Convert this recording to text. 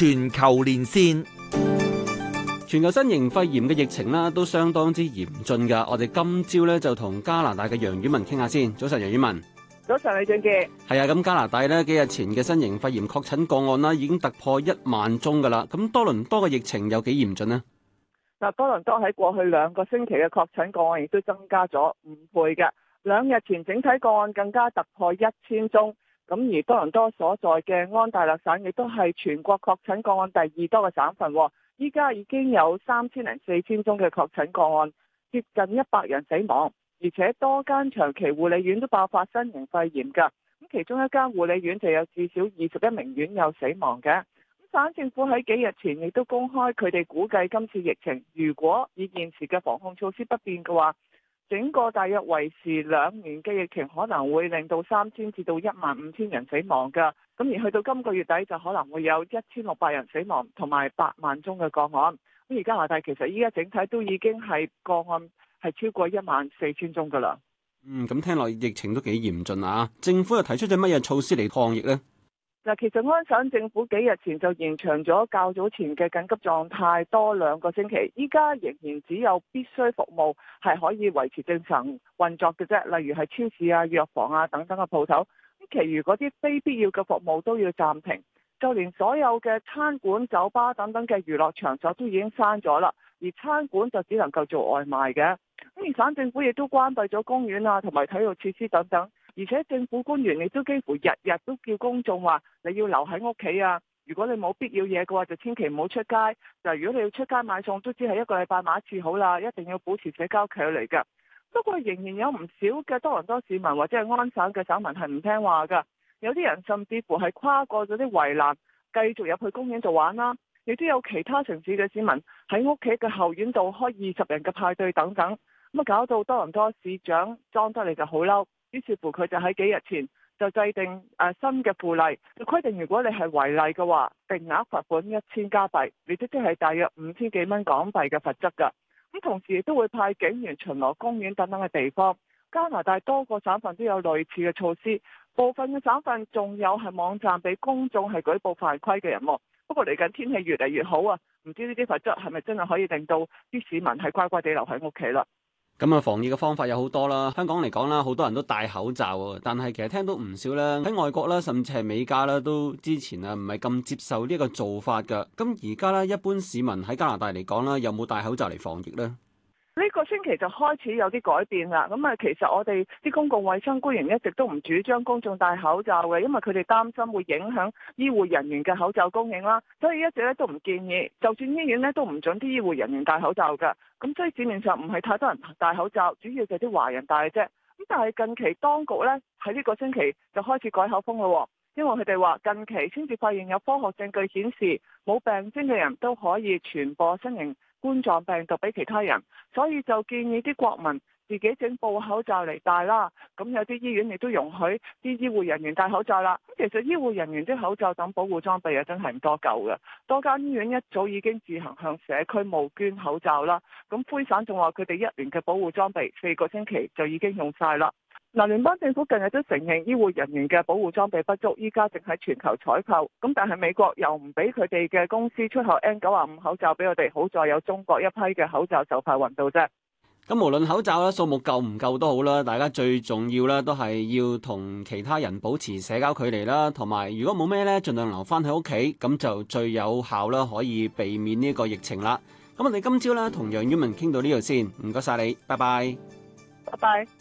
全球連線，全球新型肺炎嘅疫情呢都相當之嚴峻噶。我哋今朝咧就同加拿大嘅楊婉文傾下先。早晨，楊婉文。早晨，李俊杰。係啊，咁加拿大呢幾日前嘅新型肺炎確診個案啦，已經突破一萬宗噶啦。咁多倫多嘅疫情有幾嚴峻咧？嗱，多倫多喺過去兩個星期嘅確診個案亦都增加咗五倍嘅，兩日前整體個案更加突破一千宗。咁而多倫多所在嘅安大略省，亦都係全國確診個案第二多嘅省份，哦。依家已經有三千零四千宗嘅確診個案，接近一百人死亡，而且多間長期護理院都爆發新型肺炎㗎。咁其中一間護理院就有至少二十一名院友死亡嘅。咁省政府喺幾日前亦都公開，佢哋估計今次疫情如果以現時嘅防控措施不變嘅話，整個大約維持兩年嘅疫情可能會令到三千至到一萬五千人死亡㗎。咁而去到今個月底就可能會有一千六百人死亡，同埋八萬宗嘅個案。咁而加拿大其實依家整體都已經係個案係超過一萬四千宗㗎啦。嗯，咁聽落疫情都幾嚴峻啊！政府又提出咗乜嘢措施嚟抗疫呢？嗱，其實安省政府幾日前就延長咗較早前嘅緊急狀態多兩個星期，依家仍然只有必須服務係可以維持正常運作嘅啫，例如係超市啊、藥房啊等等嘅鋪頭，咁其餘嗰啲非必要嘅服務都要暫停，就連所有嘅餐館、酒吧等等嘅娛樂場所都已經閂咗啦，而餐館就只能夠做外賣嘅，咁而省政府亦都關閉咗公園啊同埋體育設施等等。而且政府官員亦都幾乎日日都叫公眾話你要留喺屋企啊！如果你冇必要嘢嘅話，就千祈唔好出街。嗱，如果你要出街買餸，都只係一個禮拜買一次好啦，一定要保持社交距離㗎。不過仍然有唔少嘅多倫多市民或者係安省嘅省民係唔聽話㗎。有啲人甚至乎係跨過咗啲圍欄，繼續入去公園度玩啦。亦都有其他城市嘅市民喺屋企嘅後院度開二十人嘅派對等等。咁啊搞到多倫多市長莊德利就好嬲。於是乎佢就喺幾日前就制定誒新嘅附例，就規定如果你係違例嘅話，定額罰款一千加幣，你即即係大約五千幾蚊港幣嘅罰則㗎。咁同時亦都會派警員巡邏公園等等嘅地方。加拿大多個省份都有類似嘅措施，部分嘅省份仲有係網站俾公眾係舉報犯規嘅人喎。不過嚟緊天氣越嚟越好啊，唔知呢啲罰則係咪真係可以令到啲市民係乖乖地留喺屋企啦？咁啊，防疫嘅方法有好多啦。香港嚟講啦，好多人都戴口罩啊，但係其實聽到唔少咧，喺外國啦，甚至係美加啦，都之前啊，唔係咁接受呢個做法㗎。咁而家咧，一般市民喺加拿大嚟講啦，有冇戴口罩嚟防疫咧？呢個星期就開始有啲改變啦，咁啊其實我哋啲公共衞生官員一直都唔主張公眾戴口罩嘅，因為佢哋擔心會影響醫護人員嘅口罩供應啦，所以一直咧都唔建議，就算醫院呢都唔准啲醫護人員戴口罩㗎。咁所以市面上唔係太多人戴口罩，主要就係啲華人戴嘅啫。咁但係近期當局呢喺呢個星期就開始改口風啦，因為佢哋話近期先至發現有科學證據顯示冇病徵嘅人都可以傳播新型冠狀病毒俾其他人，所以就建議啲國民自己整布口罩嚟戴啦。咁有啲醫院亦都容許啲醫護人員戴口罩啦。咁其實醫護人員啲口罩等保護裝備啊，真係唔多夠嘅。多間醫院一早已經自行向社區募捐口罩啦。咁灰省仲話佢哋一年嘅保護裝備四個星期就已經用晒啦。嗱，聯邦政府近日都承認醫護人員嘅保護裝備不足，依家正喺全球採購。咁但係美國又唔俾佢哋嘅公司出口 N95 口罩俾我哋，好在有中國一批嘅口罩就快運到啫。咁無論口罩啦，數目夠唔夠都好啦，大家最重要咧都係要同其他人保持社交距離啦，同埋如果冇咩咧，儘量留翻喺屋企，咁就最有效啦，可以避免呢個疫情啦。咁我哋今朝咧同楊婉文傾到呢度先，唔該曬你，拜拜，拜拜。